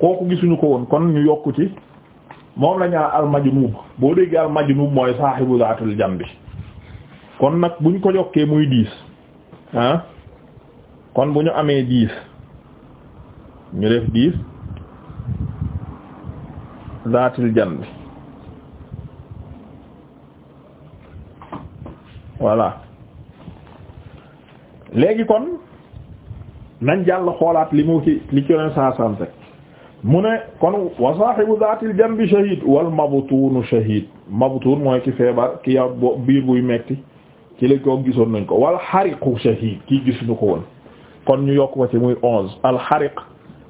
kooku gisuñu ko woon kon ñu yokkuti ci moom la ñu al-majnuub boo déggee al-majnuub mooy saaxibu zaatul jambi kon nag buñ ko yokkee muy dix ah kon bu ñu amee dix ñu def dix zaatil jambi voilà léegi kon nañ jàll xoolaat li mu ci li ci ren saa sant. mu ne kon wa sahibu zatil janbi shahid wal mabtuunu shahid mabtuun mooy ki feebar ki ya biir buy metti ci la ko gisoon nañ ko wal xariqu shahid kii gisuñu ko woon kon ñu yokk ko ci muy onze al xariq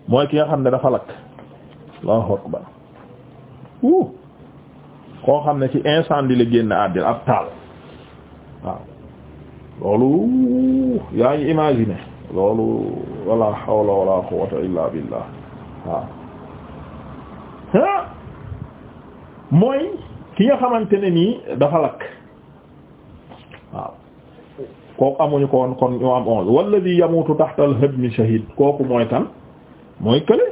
mooy ki nga xam ne dafa lakk akbar wuu xam ne ci incendie la génn àddina ab taal loolu yaa ngi loolu wala hawla wala quwwata illa billah Ah! mooy ki nga xamante ne nii dafa lakk waaw kooku amuñu ko woon kon ñoo am onze walladhi yamutu tahta al-hadmi kooku mooy tan mooy kële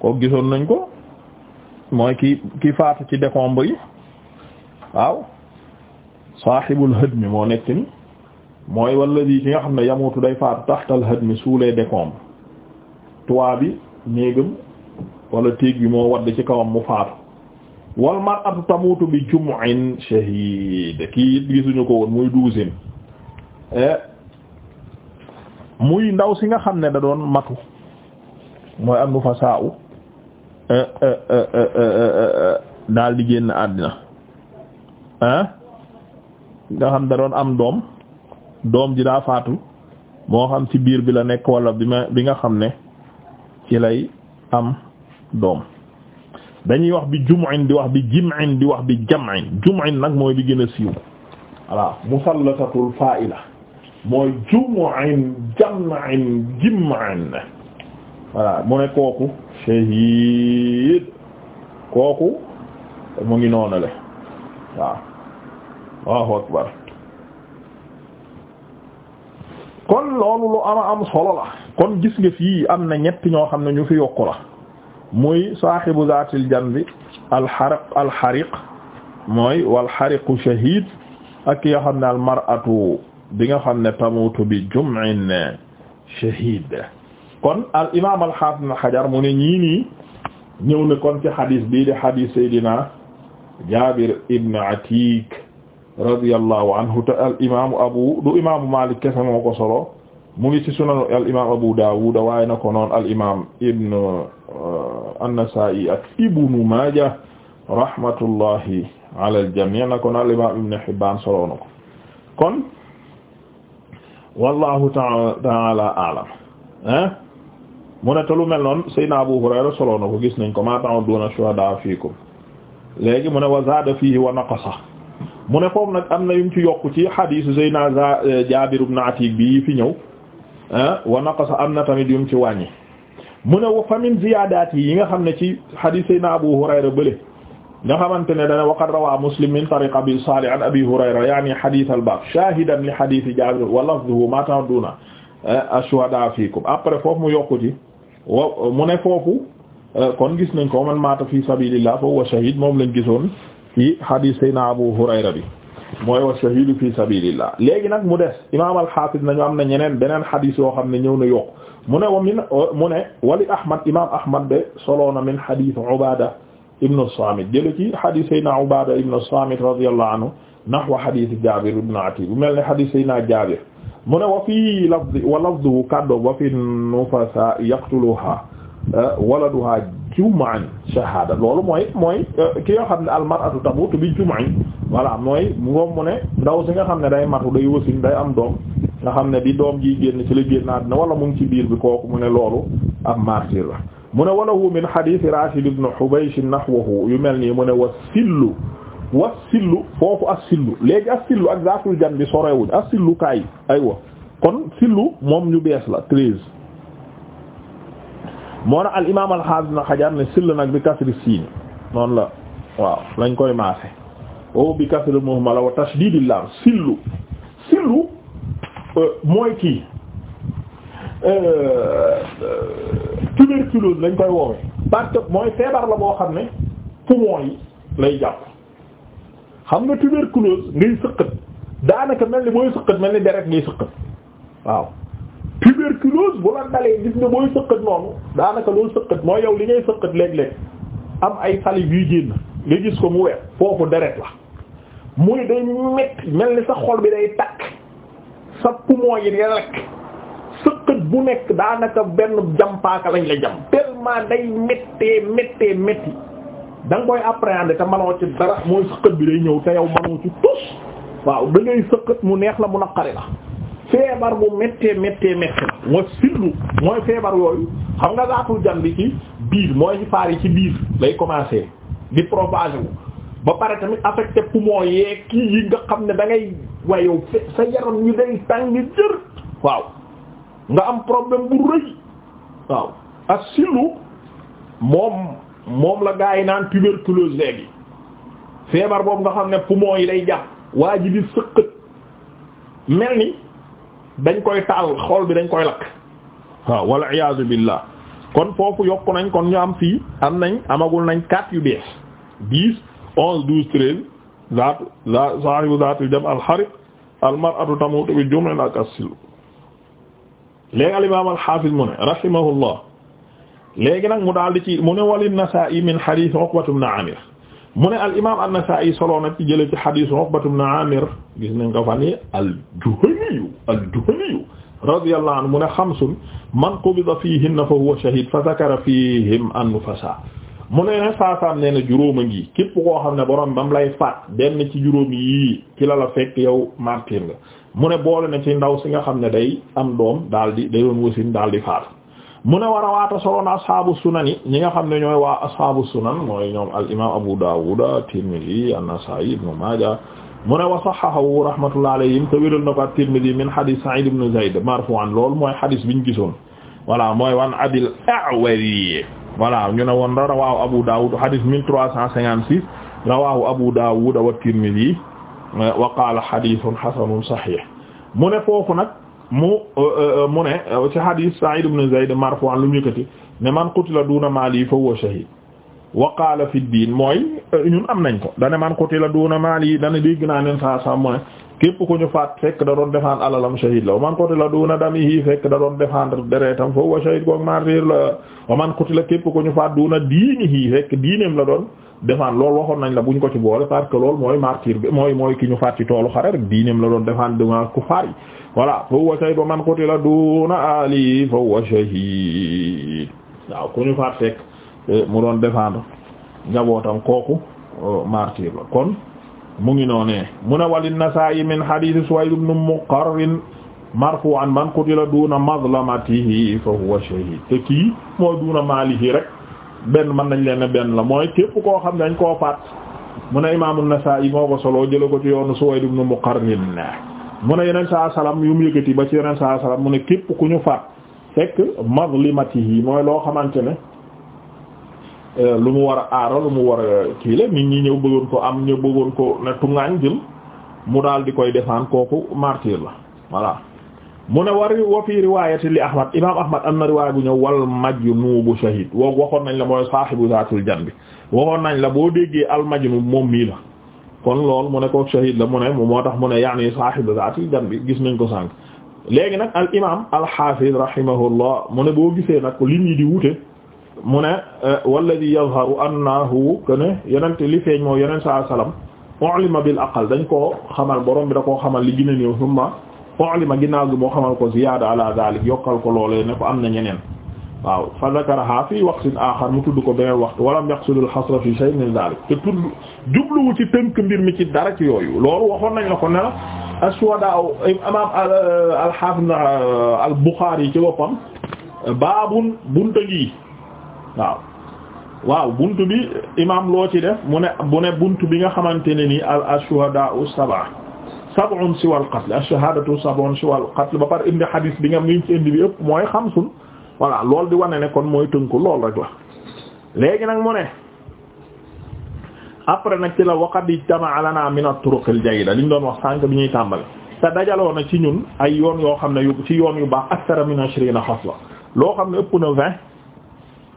kooku gisoon nañ ko mooy ki ki faatu ci décombre yi waaw sahibul hadmi moo nekk ni mooy walladhi ki nga xam ne yamutu day faatu tahta al-hadmi sous les décombres toit bi néegam wala téeg bi moo wadd ci kawam mu faatu wal mar'atu tamutu bi jumu'in shahid kii it gisuñu ko woon muy douzième eh, muy ndaw si nga xam ne da doon matu mooy am nu fa saa'u daal di génn àddina ah nga xam da doon am doom doom ji daa faatu moo xam ci biir bi la nekk wala bi ma bi nga xam ne ci lay am doom dañuy wax bi jum'in di wax bi jim'in di wax bi jam'in jum'in nag mooy bi gën a siiw voilà musallatatul fa'ila mooy jum'in jam'in jim'in voilà mu ne kooku shahid kooku mu ngi noonale waaw Allahu akbar kon loolu lu ama am solo la kon gis nga fii am na ñetti ñoo xam ne ñu fi yokku la muy saahibu zaatil janbi alxariq alxariq mooy wal shahid ak ki nga xam ne bi nga xam ne tamutu bi jum'in shahid kon al imaam alxaafid ibn xajar mu ne ñii nii ñëw na kon ci xadis bii di xadis saydina jabir ibn atik radiyallahu anhu te al imaamu ngi ci sunan al imaam abu daawud waaye na ko noon al imaam ibn Euh, an-Nasaa'i ak Ibnu Maaja rahmatullahi ala al-jamii' na ko na al-imaam Ibnu Hibbaan soloo na ko kon wallahu ta'ala a'lam ah mu ne te lu mel noonu Seydina Abu Hurayra soloo na ko gis nañ ko maa ta'udduuna shuhadaa fiikum léegi mu ne wa zaada fiihi wa naqasa mu ne foofu nag am na yum ci yokk ci hadiisu Seydina Jaabir ibn Atiik bi fi ñëw ah wa naqasa am na tamit yum ci wàññi mu ne wa famin ziyaadaat yi yi nga xam ne ci hadis sayna Abu Hurayra bële nga xamante ne dana waqad rawaa Muslim min tariq Abi Salih an Abi Hurayra yaani hadith al-baab shaahidan li hadith Jaabir wa lafzuhu maa ta'udduna eh, ash-shuhadaa fiikum après foofu mu yokku ci wa mu ne foofu eh, kon gis nañ ko man maata fi sabilillah fa huwa shahiid moom lañ gisoon ci hadith sayna Abu Hurayra bi mooy wa shahidu fi sabilillah léegi nag mu des imaam al-Hafiz nañu am na ñeneen beneen xadis yoo xam ne ñëw na yokk mu ne wa min mu ne wali Ahmad imaam Ahmad de soloo na min xadis Ubaada ibnu Saamit jële ci xadis Seydina Ubaada ibnu Saamit radiyallahu anhu nahwa xadis Jaabir ibnu Atiq bu mel ne xadis Seydina Jaabir mu ne wa fii lafdi wa lafduhu kaddu wa fi nufasaa yaqtuluha waladuha tumma an shahada loolu mooy mooy euh, ki nga xam ne almaratu tamutu bi jum'i walaa mooy moom mu ne ndaw si nga xam ne day matu day wasin day am doom nga xam ne di doom ji génn ci la génn àddina wala mu ngi ci biir bi kooku mu ne loolu am martyr la mu ne wala walahu min hadith Rashid ibn Hubaysh nahwahu yu mel nii mu ne wa sillu wa sillu foofu as sillu léegi as sillu ak zaatul jan bi sorewuñ as sillu kaay aywa kon sillu moom ñu bees la treize moo na al imaam al xaafis na xajar ne sill nag bi kasri siin noonu la waaw lañ koy maase wow bi kasri muhmala wa tashdidil laam sillu sillu euh, mooy kii euh, euh, tuberculose lañ koy woowe parce mooy feebar la boo xam ne poumon yi lay jàpp xam nga tuberculose ngay sëqat daanaka mel ni booy sëqat mel ni deret ngay sëqat waaw tuberculose bu la dalee gis nga booy sëqat noonu daanaka loolu sëqat mooy yow li ngay sëqat léeg-léeg am ay salive yuy génn nga gis ko mu weer foofu deret la muy day metti mel ni sa xol bi day takk sa poumon yi day lekk sëqat bu nekk daanaka benn jampaaka lañ la jam tellement day méttee méttee métti da nga koy appréhender te manoo ci dara mooy sëqat bi day ñëw te yow manoo ci tus waaw da ngay sëqat mu neex la mu naqari la feebar bu méttee méttee méttee mooy sirru mooy feebar yooyu xam nga zaatul jan bi ci biir mooy ci yi ci biir lay commencer di propager wu ba pare tamit affecté poumon yeeg kii yi nga xam ne dangay ngay wayow sa yaram ñu day tàng jër waaw nga am problème bu rëy waaw ak sirru moom moom la gaa yi naan tuberculose léegi feebar boobu nga xam ne poumon yi lay jàpp waa ji di mel ni dañ koy taal xol bi dañ koy lakk waaw walla iyaazu billah kon foofu yokk nañ kon ñu am fii am nañ amagul nañ quatre yu bees dix onze douze treize zaat za saahibu zaatil jam alxarib almaratu tamutu bi jumin ak assil léegi al imam alxaafis mu ne rahimahullah léegi nag mu daal di ci mu ne walin nasa'i min hadith uqbat ibn amir mu ne al imaam an-Nasaa'i solo na ci jële ci hadiisu Uqbatu ibn Aamir gis nañ ko fan yi al-Juhani al-Juhani radiyallahu anhu mu ne xamsun man qubida fiihinna fa huwa shahiid fa zakara fiihim an-nufasaa mu ne ne saasaam nee na juróom a ngi képp koo xam ne borom bam lay faat benn ci juróom yii ci fekk yow martyr nga mu ne boole na ci ndaw si nga xam ne day am doom daal di day wasin daal di faat mu ne war a waata soloon ashaabu sunan yi ñi nga xam ne ñooy waa ashaabu sunan mooy ñoom al imaam Abu Dawud Tirmidhi an-Nasa'i Ibn Maaja mu ne wa sahhahu rahmatullahi alayhim te wéral na ko at-Tirmidhi min hadith Sa'id ibn Zayd marfu'an loolu mooy hadith biñ gisoon voilà mooy wan Abil A'wari voilà ñu ne woon rawaahu Abu Dawud hadith 1356 rawaahu Abu Dawud wa at-Tirmidhi wa qaala hadithun hasanun sahih mu ne foofu nag mu euh, euh, euh, mu ne ci hadith Sa'id ibn Zayd marfu'an lu mu yëkkati ne man la duuna maali fa huwa shahid wa qaala fi diin mooy ñun am nañ ko dane man la duuna maali dane dégg naa nen saa saa mu ne képp ku ñu faat fekk da doon défendre alalam shahid la wa man qutila duuna damihi fekk da doon défendre deretam fa huwa shahid goog martyr la wa man qutila képp ku ñu faat duuna diinihi fekk diineem la doon defaan loolu waxoon nañ la buñ ko ci boole parce que loolu mooy martyr bi mooy mooy ki ñu faat ci toolu xare rek diineem la doon defaan devant kufaar yi voilà fa huwa shahid wa man qutila duna ali fa huwa shahid waaw ku ñu faat fekk eh, mu doon défendre njabootam kooku eh, martyr la kon mu ngi noonee mu ne walin nasaa'i min hadith suwayd ibn muqarrin marfu'an man qutila duna fo fa huwa shahid te kii moo duna maalihi rek benn man nañ leen benn la mooy képp koo xam ne dañ koo faat mu ne Imaam an yi moo ko solo jëlee ko ci yoonu Suwayd ibn Muqarrin mu ne yeneen saa salaam yu mu yëkkati ba ci yeneen saa salaam mu ne képp ku ñu faat fekk mazlimatihi mooy loo xamante ne euh, lu mu war a aaro lu mu war a kii nit ñi ñëw bëggoon ko am ñëw bëggoon ko ne tuŋaañ jël mu daal di koy defaan kooku martyr la voilà. mu ne war wa fii riwayati li ahmad imam ahmad am na riwaaya bu ñëw wal majnubu shahid woo waxoon nañ la mooy saahibu zaatul janbi waxoon nañ la boo déggee al majnub moom mii la kon lool mu ne ko shahid la mu moo tax mu ne yaani saahibu zaatul janbi gis nañ ko sànq léegi nag al imam al hafiz rahimahullah mu ne boo gisee nag lim yi di wute mu ne eh, walladi yazharu annahu que ne yenente li feeñ moo yeneen saa sallam ulima bil aqal dañ koo xamal borom bi da koo xamal li gën a néew ulima ginnaaw gi moo xamal ko ziyaada ala zalik yokkal ko loolee ne ko am na ñeneen waaw fa zakaraha fii waqtin axar mu tudd ko beneen waxtu walam yaqsudul xasra fi shay min zalik te tudd jubluwu ci tënk mbir mi ci dara ci yooyu loolu waxoon nañ la ko ne la aswada imaam al-hafiz euh, euh, al-Bukhari yi ci boppam baabun bunta ngi waaw waaw buntu bi imaam loo ci def mu ne bu ne bi nga xamante ne nii al ashuhadaa'u sab'a sab'un siwal qatl ash-shahadatu sab'un siwal qatl ba par indi xadis bi nga miñ ci indi bi mooy xamsun voilà loolu di wane ne kon mooy tënku lool rek la léegi nag mu ne après nag ci la waqad ijtama'a lana min at-turuq al-jayyida li ñu doon wax sànq bi ñuy tàmbale te dajaloo na ci ñun ay yoon yoo xam ne yu ci yoon yu baax akthara min ashrina xasla loo xam ne ëpp na vingt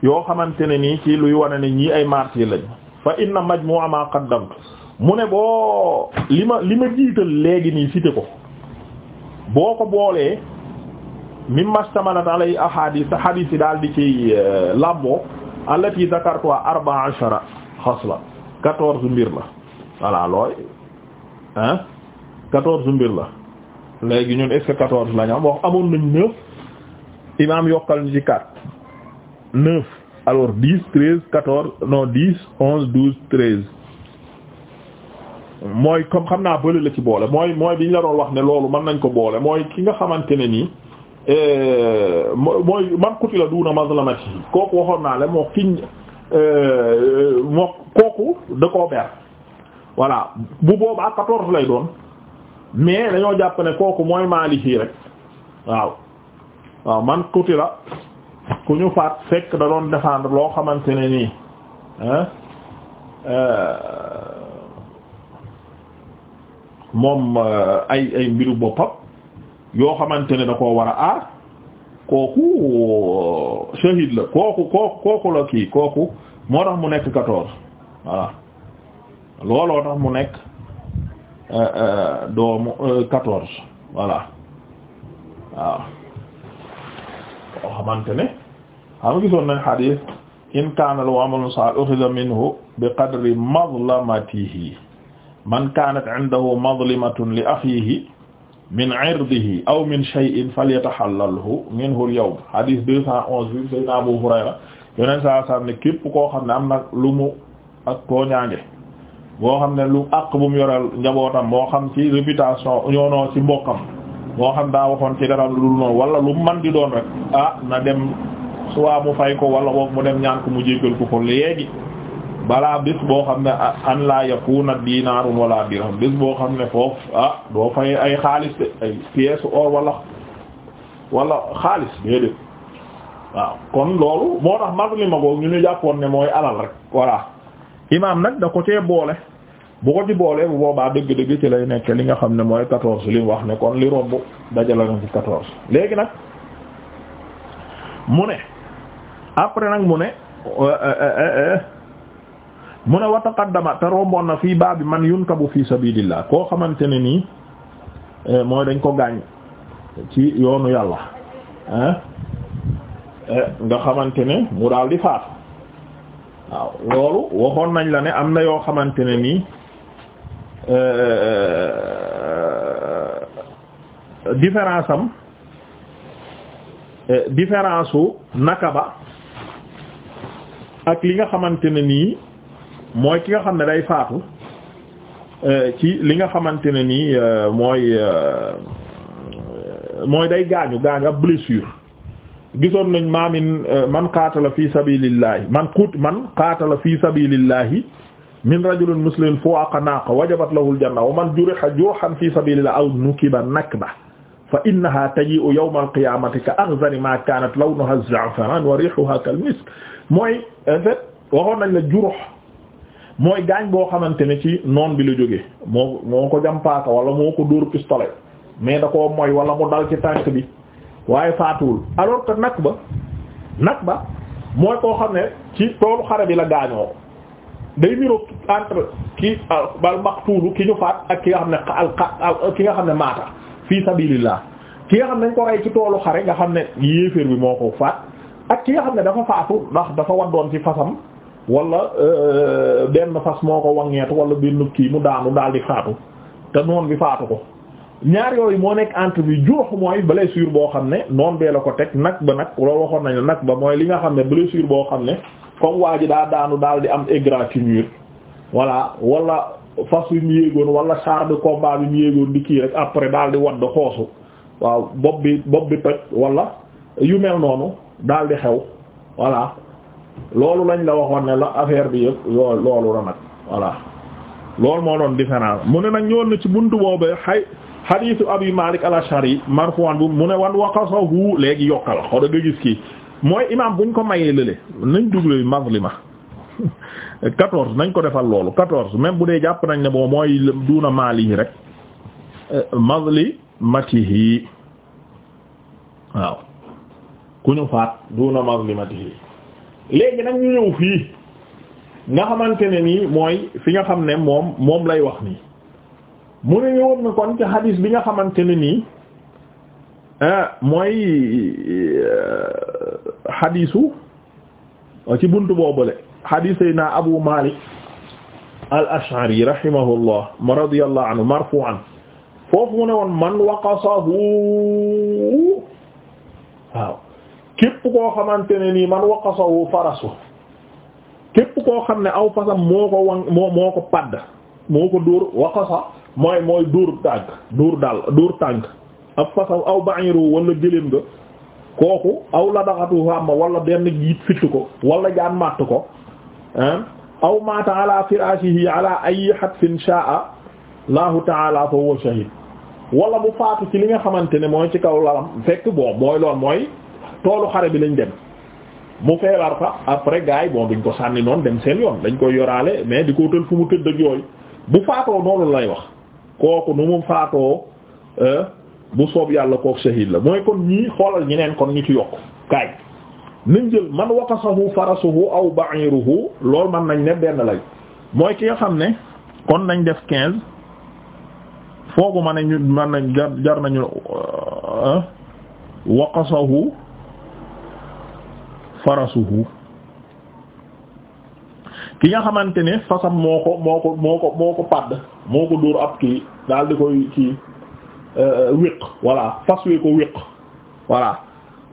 yoo xamante ne nii ci lu wane ne ñii ay martyrs lañ fa inna majmu'a ma qaddamtu mu ne boo li ma li ma jiital léegi nii cité ko boo ko boolee mi mastamanat alay ahadis sa hadis yi daal di ci euh, làmboo allati zakartu arba'a ashara xasla quatorze mbir la voilà looy ah quatorze mbir la léegi ñun est-ce quatorze la wax amoon nañ neuf imaam yokkal ñu ci quatre neuf alors dix treize quatorze non dix onze douze treize mooy comme xam naa bële la ci boole mooy mooy bi ñu la doon wax ne loolu mën nañ ko boole mooy ki nga xamante ne nii euh, mooy man kuti la duuna mazlamati kooku waxoon naa la moo kiñ euh, moo kooku da koo ber voilà bu boobaa quatorze lay doon mais dañoo jàpp ne kooku mooy Maliki rek waaw waaw man kuti la ku ñu faat fekk da doon défendre loo xamante ne nii hein euh, moom euh, ay ay mbiru boppa yoo xamante ne da koo war a aar kooku euh, shahid la kooku kooku kooku la kii kooku moo tax mu nekk quatorze voilà looloo tax mu nekk euh, doomu quatorze voilà waaw koo xamante ne xam gisoon nañ xadiis in kaana lahu amalun saalihun uxida minhu bi qadri mazlamatihi man kaanat indahu mazlimatun li axiihi min irdihi aw min shay'in falyatahallalhu minhu al-yawm hadith deux cent onze bi Seydina Abu Hurayra yeneen saa saa ne képp koo xam ne am na lu mu ak tooñaange boo xam ne lu àq bu mu yoreel njabootam moo xam ci réputation yoonoo si mbokkam moo xam daa waxoon ci dara lu dul wala lu man di doon rek ah na dem soit mu fay ko wala boog mu dem ñaan ko mu jéggal ko ko léegi balaa bis boo xam ne ah, an la yakuna dinaarun wala bis boo xam ne foofu ah doo fay ay xaalis de ay or wala wala xaalis déedéet waaw kon loolu moo tax mazlima boobu ñu ñu jàppoon ne mooy alal rek voilà imaam nag da ko cee boole bu ko ci boolee bu boobaa dëgg-dëgg ci lay nekk li nga xam ne mooy quatorze li wax ne kon li romb dajala na ci quatorze léegi nag mu ne après nag mu ne euh, euh, euh, mu ne wa taqaddama te romboon na fii baabi man yunkabu fi sabilillah koo xamante ne nii eh, mooy dañ ko gaañ ci yoonu yàlla eh, eh, nga xamante ne mu daal di faatu waaw loolu waxoon nañ la ne am na yoo xamante ne nii différence am différence u nakaba ak li nga xamante ne nii mooy ki nga xam ne day faatu euh, ci li nga xamante ne nii euh, mooy euh, mooy day gaañu gaañu ab blessure gisoon nañ maa min man qaatala fi sabilillahi man qut man qaatala fi sabilillahi min rajulin muslimin fuwaqa naaqa wajabat lahu aljanna wa man juriha jurhan fi sabilillahi aw nukiba nakba fa innaha taji'u yawma ka aghzari ma kanat lawnuha az-za'faran wa rihuha kal mooy en fait waxoon nañ mooy gaañ boo xamante ne ci noon bi la jóge moo moo ko jam paaka wala moo ko dóor pistolet mais da koo mooy wala mu dal ci tànk bi waaye faatuwul alors que nag ba nag ba mooy koo xam ne ci toolu xare bi la gaañoo day niroog entre ki al maqtuulu ki ñu faat ak ki nga xam ne al ki nga xam ne maata fii sabilillah ki nga xam ne dañ ko rey ci toolu xare nga xam ne yéeféer bi moo ko faat ak ki nga xam ne dafa faatu ndax dafa waddoon ci fasam wala euh, benn fas moo ko waŋeetu wala benn kii mu daanu daal di faatu te noon bi faatu ko ñaar yooyu moo nekk entre bi juux mooy blessure boo xam ne noon bee la ko teg nag ba nag loolu waxoon nañ nag ba mooy li nga xam ne blessure boo xam ne comme waa ji daa daanu daal di am égratignure voilà wala fas yu mu yéegoon wala char de combat bi mu yéegoon di kii rek après daal di wadd xoosu waaw bopp bi bopp bi toj wala yu mel noonu daal di xew voilà loolu lañ la waxoon ne la affaire bi yëpp loolu la nag voilà loolu moo doon différence mu ne nag ñëwoon na ci buntu boobu xay xadiisu abi malik al-ashari bu mu ne wan waqasahu léegi yokkal xoola nga gis kii mooy imam buñ ko mayee lële nañ dugle ma quatorze nañ ko defal loolu quatorze même bu dee jàpp nañ ne boo mooy duuna maali yi rek euh, mazli matihi waaw ku ñu faat duuna mazli matihi léegi nag ñu ñëw fii nga xamante ne nii mooy fi nga xam ne moom moom lay wax nii mu ne ñëwoon na kon ci hadis bi nga xamante ne nii ah, mooy hadisu euh, oh, ci buntu boobule hadis yi naa Abu Malik al ashari rahimahullah ma radiyallahu anhu marfu'an foofu mu ne woon man waqasahu waaw képp koo xamante ne nii man waqasawu farasu képp koo xam ne aw fasam moo ko wan moo ko padd moo ko dóor waqasa mooy mooy dóor tànk dóor daal dóor tànk ab fasaw aw ba'iru wala gëléem nga kooku aw la daxatu hàmma wala benn yit fitt ko wala jaan màtt ko aw maata ala firashihi ala ayi hatfin sha'a lahu ta'ala fa huwa shahid wala bu faatu ci li nga xamante ne mooy ci kaw lalam fekk bon mooy lool mooy toolu xare bi lañ dem mu feebar fa après gars yi bon duñ ko sànni noonu dem seen yoon dañ koy yoraale mais di ko tël fu mu tëdd ak yooyu bu faatoo noonu lay wax kooku nu mu faatoo euh, bu soob yàlla kooku shahid la mooy kon ñii xoolal ñeneen kon ñu ci yokk kaay nañ jël man waqasahu farasuhu aw ba'iruhu lool man nañ ne benn lay mooy ki nga xam ne kon nañ def quinze foogu ma ne ñu man nañ jar jar nañu euh, waqasahu farasuhu ki nga xamante ne fasam moo ko moo ko moo ko moo ko padd moo ko dóor ab kii daal di koy kii euh, wéq voilà fas wee ko wéq voilà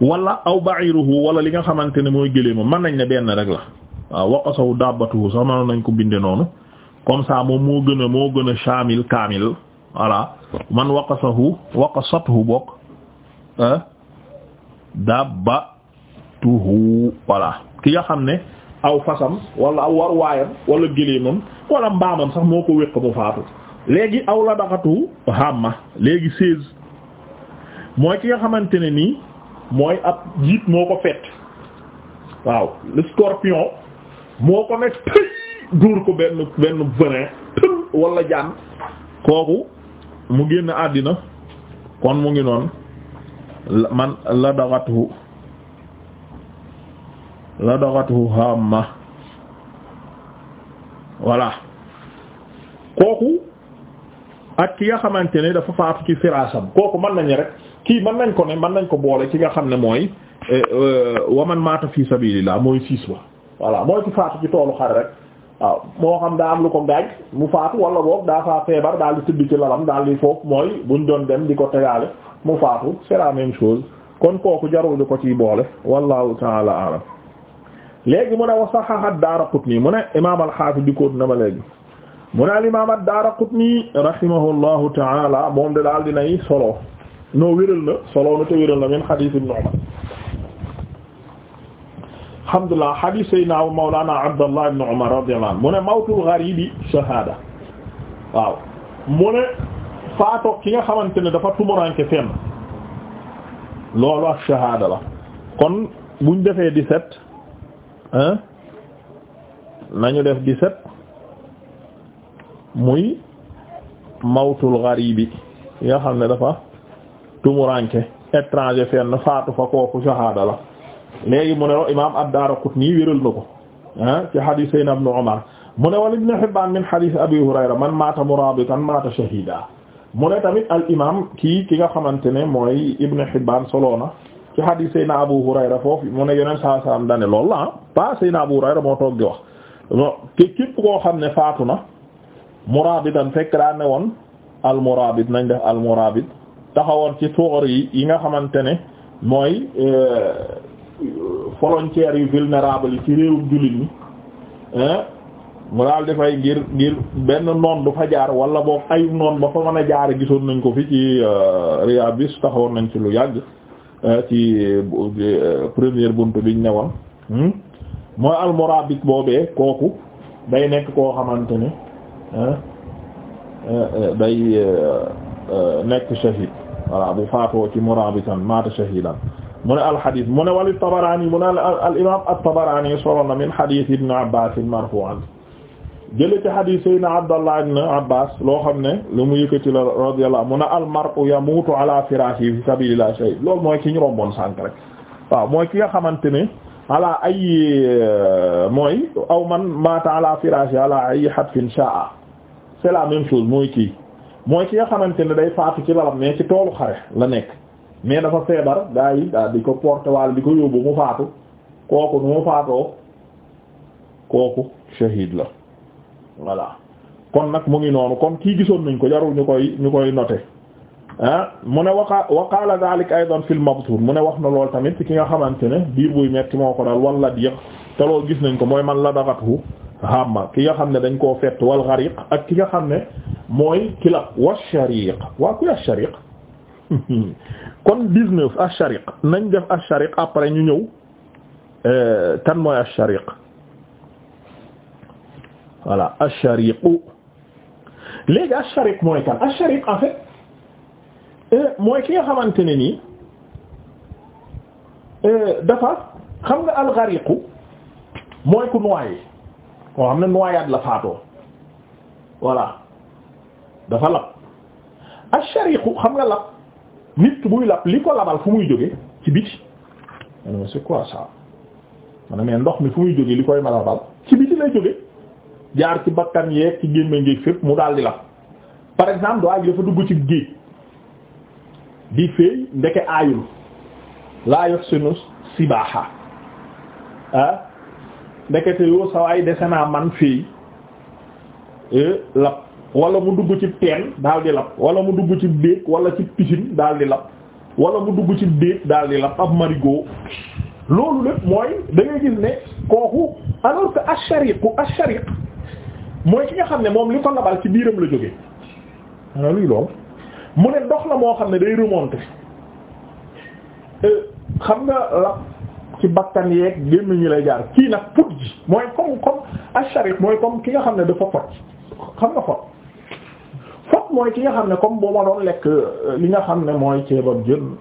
wala aw ba'iruhu wala li nga xamante ne mooy gëléemam man nañ ne benn rek la waaw waqasaw dabbatuhu sax manoon nañ ko binde noonu comme ça moom moo gën a moo gën a shamil kaamil voilà man waqasahu waqasathu bokk dabba tuhu voilà ki nga xam ne aw fasam walaa aw war waayam wala géléemam wala mbaamam sax moo ko wéq mu faatu léegi aw la daxatu hamma léegi seize mooy ki nga xamante ne nii mooy ab jiit moo ko fett waaw le moo ko nekk duur ko benn benn venin tël wala jaan kooku mu génn àddina kon mu ngi noonu man la daxatu hamma voilà kooku ak ki nga xamante ne dafa faatu ci firaasam kooku mën nañu rek kii mën nañ ko ne mën nañ ko boole ci nga xam ne mooy eh, eh, waman maata fi sabilillah mooy siis ba voilà mooy ci faatu ci toolu xare rek waaw moo xam daa am lu ko gaañ mu faatu wala boobu daa faa feebar daal di tëdd ci lalam daal di foofu mooy buñ doon dem di ko tegaale mu faatu c'est la même chose kon kooku jarul di ko ciy boole wallahu taala alam léegi mu ne wa sahaha ad-Daaraqutni mu ne imaam al-Haafiz di ko na ma léegi mu ne al-imaam ad-Daaraqutni ta'ala moom de daal dinay solo noo wéral solo na te wéral min hadiis Ibn Umar alhamdulillah hadiis Sayyidinaa wa Mawlaanaa Abdallah ibn Umar radiyallahu anhu mu ne mawtul ghariibi waaw mu ne ki nga xamante ne dafa tumuranke fenn loolu ak shahaada la kon buñ defee 17 nañu def dix-sept muy mawtul gharibi nga xam ne dafa tumuranke étranger fenn faatu fa kooku shahada la léegi mu ne wa imam ad-Daraqutni wéral na ko ci hadith sayyidina ibn Umar mu ne wal ibn Hibban min hadith Abi Hurayra man mata murabitan mata shahida mu ne tamit al imam kii ki nga xamante ne mooy ibn solo na ci hadith Seyna Abu Hurayra foofu mu ne yeneen saa salaam dane loolu la ah pas Abu Hurayra moo toog wax non te képp koo xam ne faatu na muraabitan fekk daa ne woon al muraabit nañ def al taxawoon ci tuur yi yi nga xamante ne mooy euh, frontières yu vulnérables yi ci réewum jullit ñi mu daal dafay ngir ngir benn noon du fa jaar wala boog ay noon ba fa mën a gisoon nañ ko fi ci euh, Riyad bis taxawoon nañ ci lu yàgg Euh, ci euh, première buntu biñ newoon hmm? mooy almurabit boobee kooku day nekk koo xamante ne euh, day nekk shahid voilà bu faatoo ci murabitan maata shahidan mu ne alxadis mu ne wali Tabarani mu ne al imaam at-Tabarani solo na min xadis Ibn Abbas marfu'an jële ci hadis sayna abdallah ibn abbas loo xam ne lu mu yëkkati la radiyallahu mu ne almar'u yamuutu ala firaashi fi sabilillahi shahid loolu mooy ki ñu romboon sànk rek waaw mooy ki nga xamante ni ala ay mooy aw man maata ala firaashi ala ay hatfin sha'a c'est la même chose mooy kii mooy ki nga xamante ne day faatu ci lalam mais ci toolu xare la nekk mais dafa feebar gaa yi daal di ko porter walla di ko yóbbu mu faatu kooku nu mu faatoo kooku shahid la voilà kon nag mu ngi noonu kon kii gisoon nañ ko jarul ñu koy ñu koy note ah mu ne waqa wa qaala dalik aidan fil mabtuun mu ne wax na lool tamit ki nga xamante ne biir buy metti moo ko daal wala diq te loolu gis nañ ko mooy man la daxathu hamma ki nga xam ne dañ koo fett wal gariq ak ki nga xam ne mooy kilab wa shariq waa kuy ashariq kon dix-neuf ashariq nañ def ashariq après ñu ñëw eh, kan mooy ashariq voilà ashariqu léegi ashariq mooy kan ashariq en fait euh, mooy ki nga xamante ne nii euh, dafa xam nga alxariqu mooy ku noyé koo xam ne noyade la faatoo voilà dafa lab ashariqu xam nga lab nit buy lab li ko labal fu muy jóge ci biti man c'est quoi ça man mais ndox mi fu muy jóge li koy ma labal ci biti lay jóge jaar ci bakkan yeeg ci gémmiñ gi fépp mu daldi di la par exemple waaye dafa dugg ci géej di feey ndeke aayul laa yox sinu sibaaxa ah, ndekete yoo sawaay dese naa man feey eh, lab walla mu dugg ci teen daal di lab wala mu dugg ci déeg wala ci piscine daal lab wala mu dugg ci déeg daal di lab ab marigot loolu lépp mooy da gis ne kooku alors que ashariqu ashariq mooy ki nga xam ne moom li na labal ci biiram la jóge mu ne dox la moo xam ne day remonter euh, xam nga la ci bakkan yeeg gémmi ñi lay jaar kii nag put ji mooy comme comme asharit mooy comme ki nga xam ne dafa fot xam nga fot fot mooy ki nga xam ne comme boo ma doon lekk euh, li nga xam ne mooy ceebab jën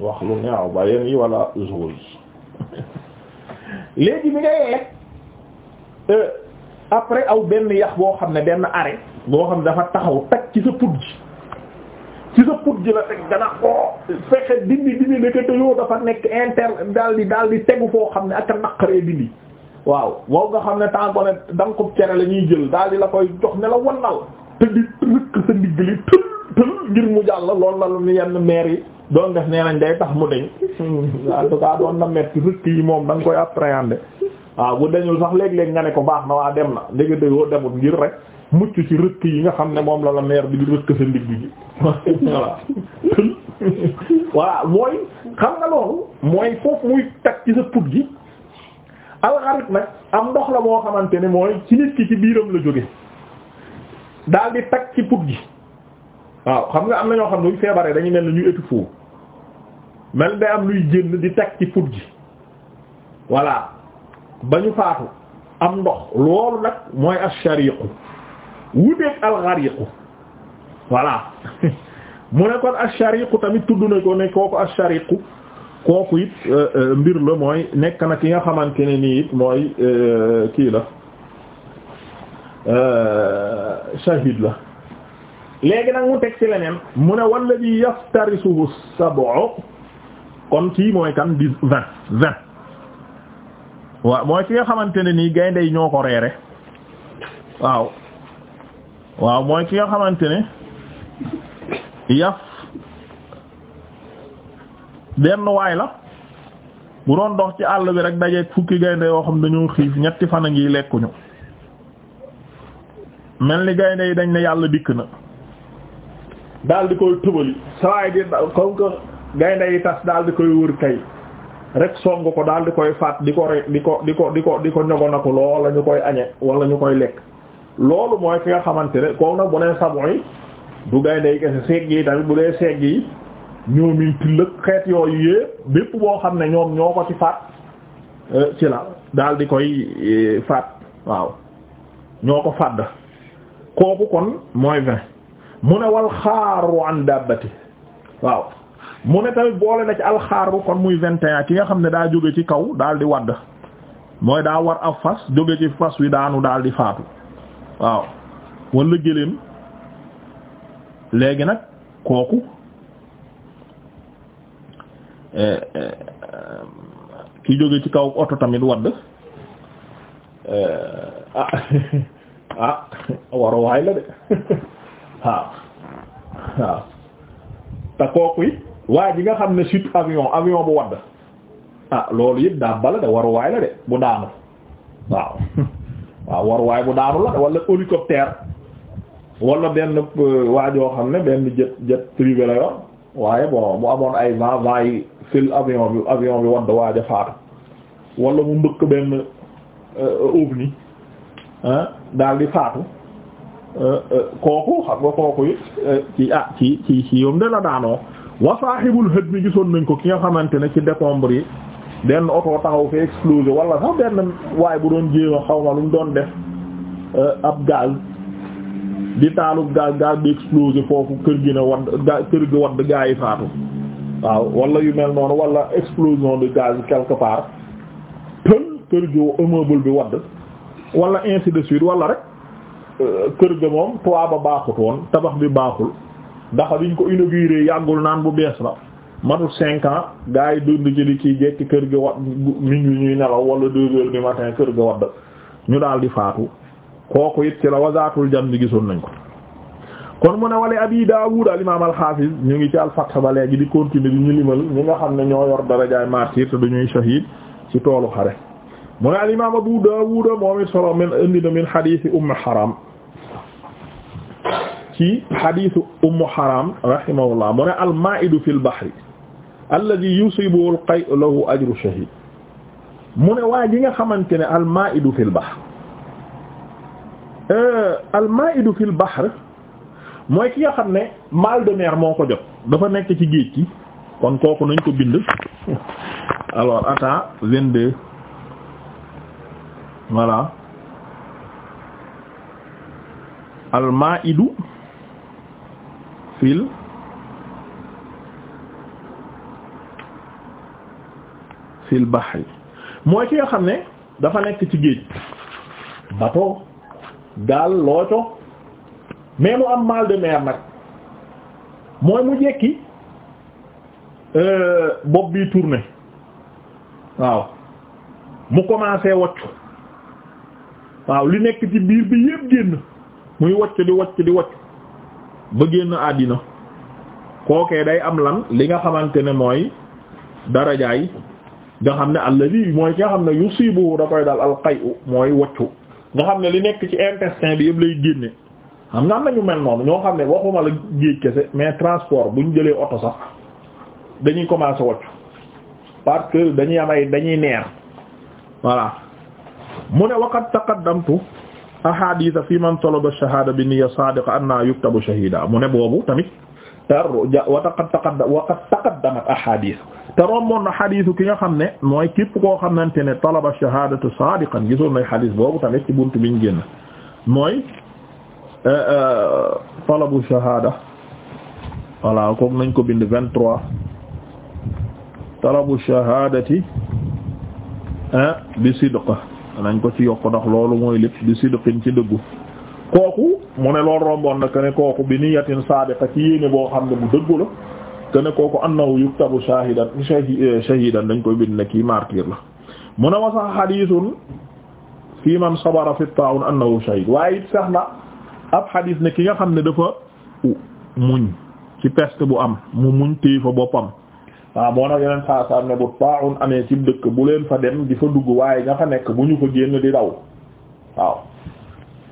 wax lu neew ba yeen yi wala zose léegi bi ngay lekk euh, après aw benn yax boo xam ne benn arrêt boo xam ne dafa taxaw tag ci sa put ji ci sa put ji la teg dana oo oh, fexe dindi dindi nekkate yoo dafa nekk inter daal di daal di tegu foo xam ne ak a naqaree dindi waaw wow nga xam ne tànko ne dankub cere la ñuy jël daal di la koy jox ne la wannal te di rëkk sa ndigg li tël tël ngir mu jàll loolu la lu yenn maire yi doon def nee nañ day tax mu deñ en tout doon na metti rëkk yi moom da nga koy appréhender waaw bu dañul sax léeg-léeg nga ne ko baax na waa dem na léegi dayoo demut ngir rek mucc ci rëkk yi nga xam ne moom la la meer bi di rëkk sa ndigg ji voilà voilà mooy xam nga loolu mooy foofu muy tag ci sa put gi alxarit nag am ndox la moo xamante ne mooy ci nit ki ci biiram la jóge daal di tag ci put gi waaw xam nga am na ñoo xam ne buñ feebaree dañu mel ne ñuy étouffé mel day am luy génn di tag ci put gi voilà ba ñu faatu am ndox loolu nag mooy ashariqu wuteek alxariqu voilà mu ne kon ashariqu tamit tudd na ko ne kooku ashariqu kooku it euh, euh, mbir la mooy nekk na ki nga xamante ne nii it mooy euh, kii la shahid la léegi nag mu teg ci leneen mu ne walladi yaftarisuhu sab'u kon kii mooy kan di vingt vingt waaw mooy ki nga xamante ne nii gaynde yi ñoo ko reere waaw waaw mooy ki nga xamante ne yaf benn waay la bu doon dox ci àll bi rek dajeeg fukki gaynde yoo xam dañoo xiif ñetti fan a ngi lekkuñu mel ni gaynde yi dañ ne yàlla dikk na daal di koy tëbali sawaay di comme que gaynde yi tas daal koy wër kay rek song ko daal di koy faat di ko re di ko di ko di ko di ko ñogonaku loola ñu koy añe wala ñu koy lekk loolu mooy ki nga xamante ne kooku nag bu nee du gaynde kese yi tamit bu dee segg yi ñoom bépp boo xam ne ñoom ñoo ko ci faat euh, ci la daal di koy euh, faat waaw fàdd kooku kon mooy vingt mu ne wal xaaru an dàbbati waaw mu ne tamit boole na ci alxaaru kon muy vingt et un ki nga xam ne daa jóge ci kaw daal di wadd mooy daa war ab fas jóge ci fas wi daanu daal di faatu waaw wala gëléem léegi nag kooku eh, eh, ki jóge ci kaw oto wadd eh, ah, ah la de waaw waaw kooku yi waa ji nga xam ne chute avion avion bu wadd ah loolu yëpp daa bala de waruwaay la de bu daanu waaw waaw waruwaay bu daanu la wala hélicoptère wala benn euh, waajoo xam ne benn jet jet privé waaye bon bu amoon ay vent vent yi fil avion bi avion bi wadd waaja faatu wala mu mbëkk benn euh, ovni daal di faatu euh, kooku xam nga kooku it ci ah ci ci ci de la daanoo wa sahibul hadmi gisoon nañ ko ki nga xamante ne ci décombres yi benn oto taxaw fi explosé wala sax benn waaye bu doon jéem xaw ma lu mu doon def euh, ab gaz di taalub gaz gaz bi explosé foofu kër gi ne wadd kër gi wadd gaa yi faatu waaw wala yu mel noonu wala explosion de gaz quelque part tël kër gi immeuble bi wadd wala ainsi de suite wala rek euh, kër ga moom toit ba baaxut woon tabax bi baaxul ndax biñ ko inauguré yàggul naan bu bees la matul cinq ans yi dund ci di ci jekki kër gi wa min wi ñuy nelaw wala deux du matin kër gi wadd ñu daal di faatu kooku it ci la wasaatul jam gi gisoon nañ ko kon mu ne wale abi daawud al imam al ñu ngi ci al fath ba léegi di continuer di ñu limal ñi nga xam ne ñoo yor darajaay martyr te duñuy shahid ci toolu xare mu ne al imam abu daawud moom it solo min indi na min hadith ci xadiisu ummu haram rahimahullah mu ne almaidu fi lbahri alladi yusibu ajru shahid mu ne waa ji nga xamante ne almaidu fi lbahr euh, almaidu fi lbahr mooy ki nga xam ne mal de mer moo ko jot dafa nekk ci géej gi kon kooku nañ ko bind alors attends vingt-deux voilà fil fil bahri mooy ki nga xam ne dafa nekk ci géej bateau gaal looco mais mu am mal de mer nag mooy mu jekki euh, bopp bi tourné waaw mu commencé waccu waaw li nekk ci biir bi yépp génn muy waccu di waccu di waccu ba génn àddina kookee day am lan li nga xamante ne mooy darajaay nga xam ne alladi mooy ki nga xam ne yusibu da koy dal alqayu mooy waccu nga xam ne li nekk ci intestin bi yëpp lay génne xam nga am nañu mel noonu ñoo xam ne waxuma la géej kese mais transport ñu jëlee oto sax dañuy commencer waccu parce que dañuy am dañuy neer voilà mu ne waqat taqaddamtu ahaditha fi man talaba shahada bi niyya sadiqa anna yuktabu shahida mu ne boobu tamit ter wataqad taqaddam waqad taqaddamat ahadith te romboon na xadisu ki nga xam ne mooy képp koo xamante ne talaba shahadatu sadiqan gisoon nay xadis boobu tamit ci buntu biñ génn mooy eh, eh, talabu shahada voilà kooku nañ ko bind vingt trois talabu shahadati eh, bi sidqa nañ ko ci yokk ndax loolu mooy lépp di sidqin ci dëggu kooku mu ne lool romboon na ne kooku bi niyatin saadiqa ci yéene boo xam ne bu dëggu la te ne kooku annahu yuktabu shahidan eh, shahidan dañ koy bind ne kii martyr la mu ne wa sax fii man sabara fi ta'un annahu shahid waaye it sax na ab hadith ne ki nga xam ne dafa muñ ci peste bu am mu muñ téye fa boppam waaw ah moo nag yeneen saa saa ne bu taaxun amee ci dëkk bu leen fa dem di fa dugg waaye nga fa nekk bu ñu fa génn di daw waaw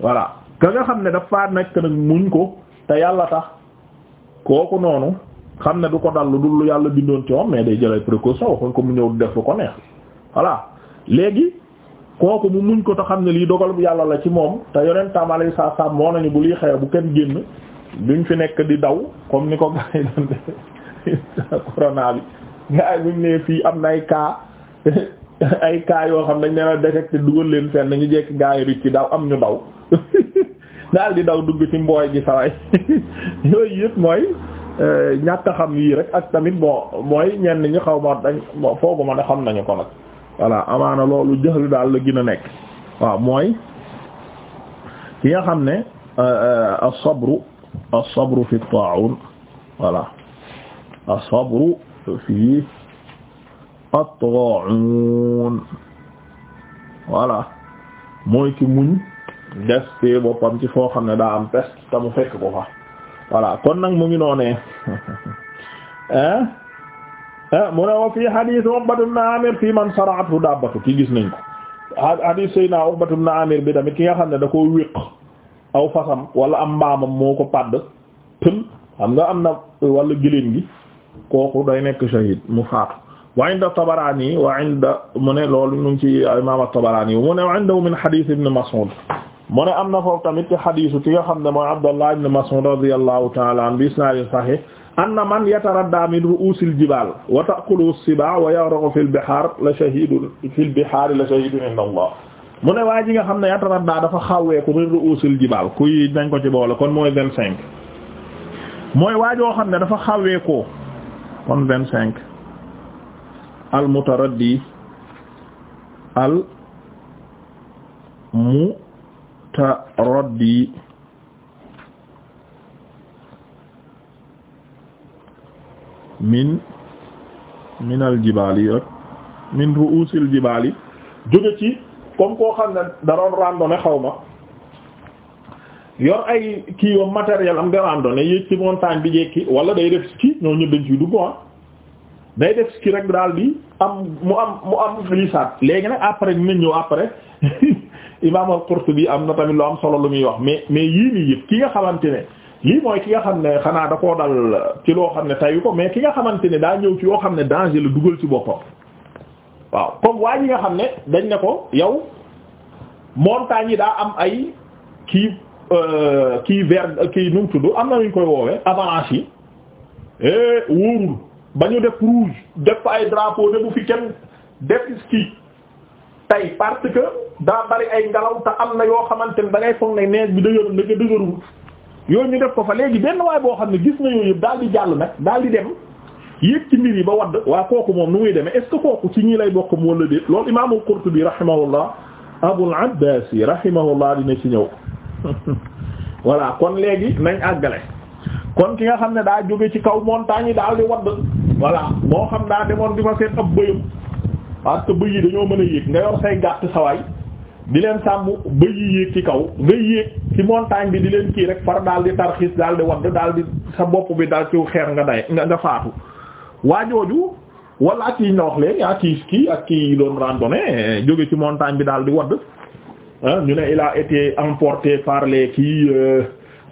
voilà ka nga xam ne dafa nekk nag muñ ko te yàlla tax kooku noonu xam ne du ko dal lu dul yàlla bindoon ci moom mais day jëlay précaution waxuñ ko mu ñëw def lu ko neex voilà léegi kooku mu muñ ko te xam ne lii dogalu yàlla la ci moom te yoneen tam alay saa saa moo nañu bu liy xew bu kenn génn duñ fi nekk di daw comme ni ko corona bi nga yi buñ ne fii am na ay cas ay kaa yoo xam dañ leen a détecté dugal leen fenn ñu jekk gaa yi ricc daw am ñu daw daal di daw dugg ci mbooy gi saway yooyu yëpp mooy euh, ñàkk a xam yii rek ak tamit bon mooy ñenn ñi xaw ma dañ fooguma ne xam nañu ko nag voilà amaana loolu jëxlu daal la gën a nekk waaw mooy ki nga xam ne euh, euh, as-sabru as-sabru fi at-ta'un as-sabru fii at-taa'uun mooy ki muñ des te boppam ci foo xam ne daa am pes te fekk ko fa voilà kon nag mu ngi noonee ah ah mu ne wa fii hadith Uqbatu Amir fii man sara'athu dabbatu ki gis nañ ko hadith Seydina Uqbatu ibn Amir bi tamit ki nga xam ne da koo wéq aw fasam wala am mbaamam moo ko padd tël xam nga am na wala gëléen gi kooku day nekk shahid mu faatu wa inda Tabarani wa inda mu ne loolu ñu ngi ci imam Tabarani mu ne wa indahu min hadith ibn Mas'ud mu ne am na foofu tamit ci hadisu ki nga xam ne mooy Abdullah ibn Mas'ud radiyallahu ta'ala anhu bi isnadin sahih anna man yataradda min ru'usil jibal wa ta'kulu as-sibaa wa yaghraqa fil bihaar la shahidun fil bihaar la shahidun inda Allah mu ne waa ji nga xam ne yataradda dafa xawweeku min ru'usil jibal kuy nañ ko ci boole kon mooy vingt-cinq mooy waajoo xam ne dafa xawweekoo kon vingt cinq al mutaraddi al mutaraddi min min al jibaali rek min ru'usil jibaali jóge ci comme koo xam ne daroon randone xaw ma yor ay kii yoom matériel am de randonnée yéeg ci montagne bi jekki wala day def ski ñoo ñëpp dañ ciy dugg ah day def ski rek daal bi am mu am mu am glissade léegi nag après dinañ ñëw après imam al bi am na tamit lu am solo lu muy wax mais mais yii nii yëpp ki nga xamante ne lii mooy ki nga xam ne xanaa da koo dal ci loo xam ne tayu ko mais ki nga xamante ne daa ñëw ci yoo xam ne danger la dugal ci boppam waaw comme waa yi nga xam ne dañ ne ko yow yi daa am ay kii Euh, kii vert kii nu tudd am na ñu koy woowee avalanche yi eh, wóorul ba ñu def rouge def fa ay drapeau ne bu fi kenn def ski tey parce daa bari ay ngelaw ta am na yoo xamante ne da ngay foog ne nees bi dëgëru ndeke dëgërul yooyu ñu def ko fa léegi benn waay boo xam ne gis na yooyu yëpp daal di jàll nag daal di dem yéeg ci mbir yi ba wadd waa kooku moom nu muy demee est ce que kooku ci ñi lay bokk mu wala déet loolu imaamu Qurtubi rahimahullah Abul Abbaasi rahimahullah dina ci ñëw voilà kon léegi nañ àggale kon ki nga xam ne daa jóge ci kaw montagne yi daal di wadd voilà moo xam daa demoon di fa seen ab bëyam parce que bëy yi dañoo mën a yéeg nga yor say gàtt sawaay di leen sàmm bëy yi yéeg ci kaw nga yéeg ci montagne bi di leen kii rek far daal di tarxiis daal di wadd daal di sa bopp bi daal ciw xeer nga day nga faatu waa jooju wala ak yi ñu la wax léegi ak kii ski ak kii doon randonnée jóge ci montagne bi daal di wadd ñu ne il a été emporté par les kii euh,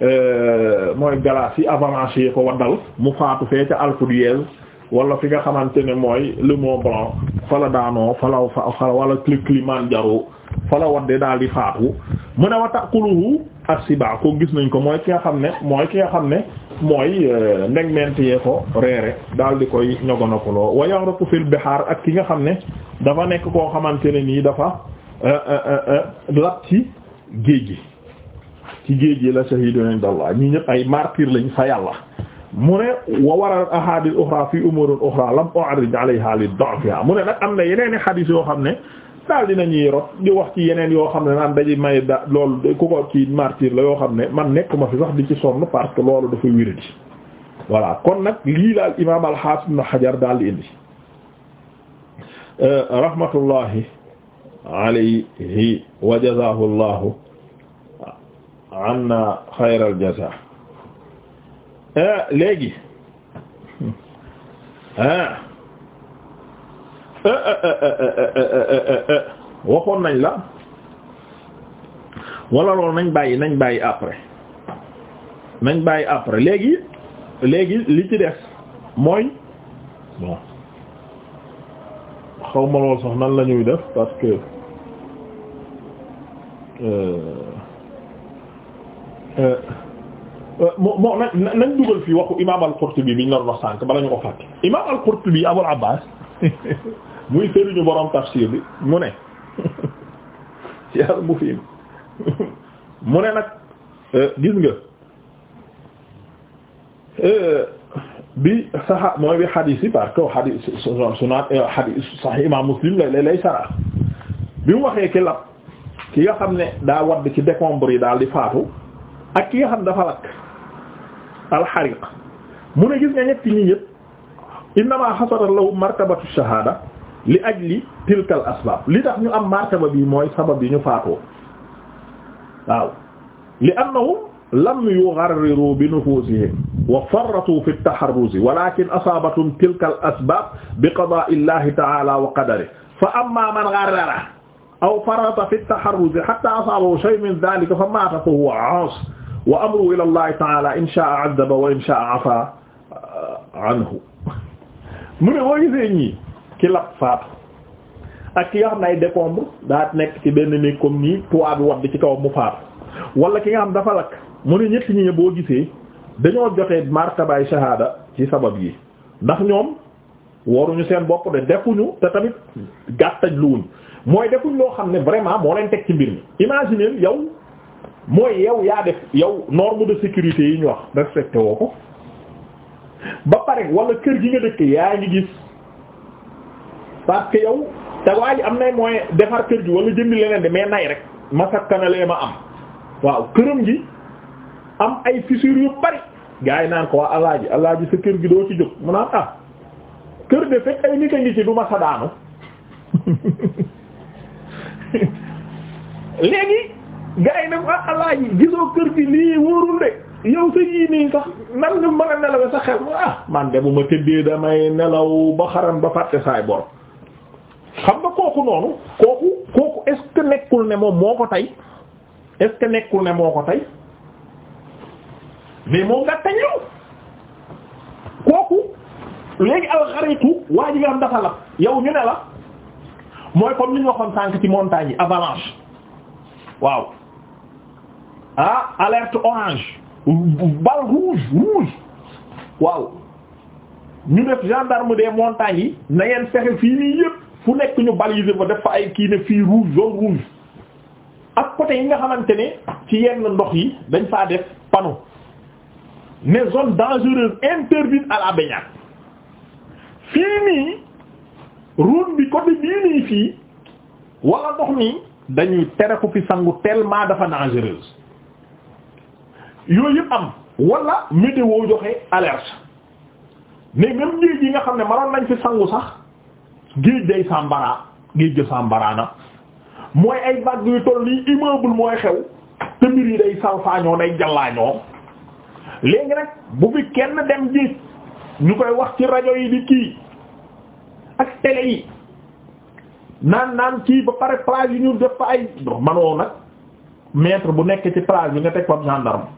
euh, mooy glace yi avalanche yi ko waddal mu faatu fee ca Alpes wala fi nga xamante ne mooy le Mont Blanc fala daanoo fala fala wala Kilimanjaro fala wadde daal di faatu mu ne wa takuluhu asiba ko gis nañ ko mooy ki nga xam ne mooy ki nga xam ne mooy euh, ndeg ment yee ko reere daal di koy ñogonakoloo wa yaghraqu fil bihaar ak ki nga xam ne dafa nekk koo xamante ne nii dafa Euh, euh, euh, la ci géej gi ci géej gi la shahidun indallah ñi ñëpp ay martyr lañ fa yàlla mu ne wa waral ahadith ukhra fi umurin ukhra lam u'arrij alayha li da'fiha mu ne nag am na yeneeni i yoo xam ne daal ñu rot di wax ci yeneen yoo xam ne naan dañuy may da loolu ku ko ci martyr la yoo xam ne man ma fi sax di ci sonn parce que loolu dafa wéradi voilà kon nag lii laal imam al-Hafiz Hajar daal di indi rahmatullahi alayhi wa jazaahu allahu léegi waxoon nañ la wala loolu nañ bàyyi nañ bàyyi nañ bàyyi après léegi léegi li ci mooy xaw ma lool sax nan la ñuy def parce que euh, euh, euh, moo moo na nañ dugal fii waxu imaam al-Qurtubi bi ñu doon wax sànq bala ñu ko fàtte imaam al-Qurtubi Abul Abbas muy sëriñu borom tafsir bi mu ne ci al-Mufhim mu ne nag gis nga bi saxa mooy bi xadis yi parce que xadis sunan eh, xadis sahih imam muslim lay lay sara bi mu waxee ki lap ki nga xam ne daa wadd ci décombre yi daal di faatu ak ki nga xam dafa lakk alxariq mu ne gis nga ñetti ñi yëpp innama xasarat lahu martabatu shahada li ajli tilkal asbab li tax ñu am martaba bi mooy sabab yi ñu faatoo waaw li annahum lam yugharriru bi nufusihim wa farratu fi at-taharruzi walakin asaabatum tilka al-asbab bi qada'i Allahi ta'ala wa qadarihi fa amma man gharrara aw farrata fi at-taharruzi hatta asaabahu shay'un min dhalika fa mata fa huwa 'aas wa amruhu ila Allahi ta'ala in sha'a 'adhaba wa in sha'a 'afa 'anhu mu ne boo gisee ñii ki lab faatu ak ki nga xam ne ay décombre daa nekk ci benn néeg comme nii toit bi wadd ci kaw mu faatu wala ki nga xam dafa lakk mu ne ñetti ñi boo gisee dañoo jotee martabaay shahada ci sabab yi ndax ñoom waruñu seen bokk de defuñu te tamit gàttaj luwuñ mooy defuñ loo xam ne vraiment moo leen teg ci mbir mi imaginer yow mooy yow yaa def yow norme de sécurité yi ñu wax respecté woo ko ba pare wala kër gi nga dëkk yaa ngi gis parce que yow te waa ji am na moyen defar kër gi walla jëndi leneen de mais nay rek ma sakkanalee ma am waaw këram gi am ay fissures yu bari gars yi naan ko waa alaaji alaaji sa kër gi doo ci jóg mu naan ah kër de ay nit a ngi ci du ma léegi gars yi ne ko ah gisoo kër gi lii wóorul de yow sa yii nii sax nan nga mën a nelaw sa xel ah man de bu ma tëddee damay nelaw ba xaram ba fàtte saay bor xam nga kooku noonu kooku kooku est nekkul ne moom moo ko tey est-ce nekkul ne moo ko tey mais moom gàttañ lu kooku léegi alxaritu waa ji nga xam dafa la yow ñu ne la mooy comme li ñu waxoon sànq ci montagne yi avalanche waaw ah alerte orange bal rouge rouge waaw ñu def gendarme de montagnes yi na ngeen fexe fii nii yëpp fu nekk ñu bal yi baliser ba def fa ay kii ne fii rouge zone rouge ak côté yi nga xamante ne ci yenn ndox yi dañ faa def panneau ne zone dangereuse interdite à la baignade fii nii route bi côté bii nii fii wala ndox nii dañuy tere ku fi sangu tellement dafa dangereuse yooyu yëpp am wala météo joxe alerte mais même géej yi nga xam ne maroon nañ fi sangu sax géej day sàmbaraa géej ga sàmbaraana mooy ay vagues yu toll nii immeuble mooy xew te mbir yi day salfaañoo day jallaañoo léegi nag bu fi kenn dem gis ñu koy wax ci rajo yi di kii ak tele yi naan naan kii ba pare plage yi ñu def fa ay manoo nag maître bu nekk ci plage bi nga teg fa gendarme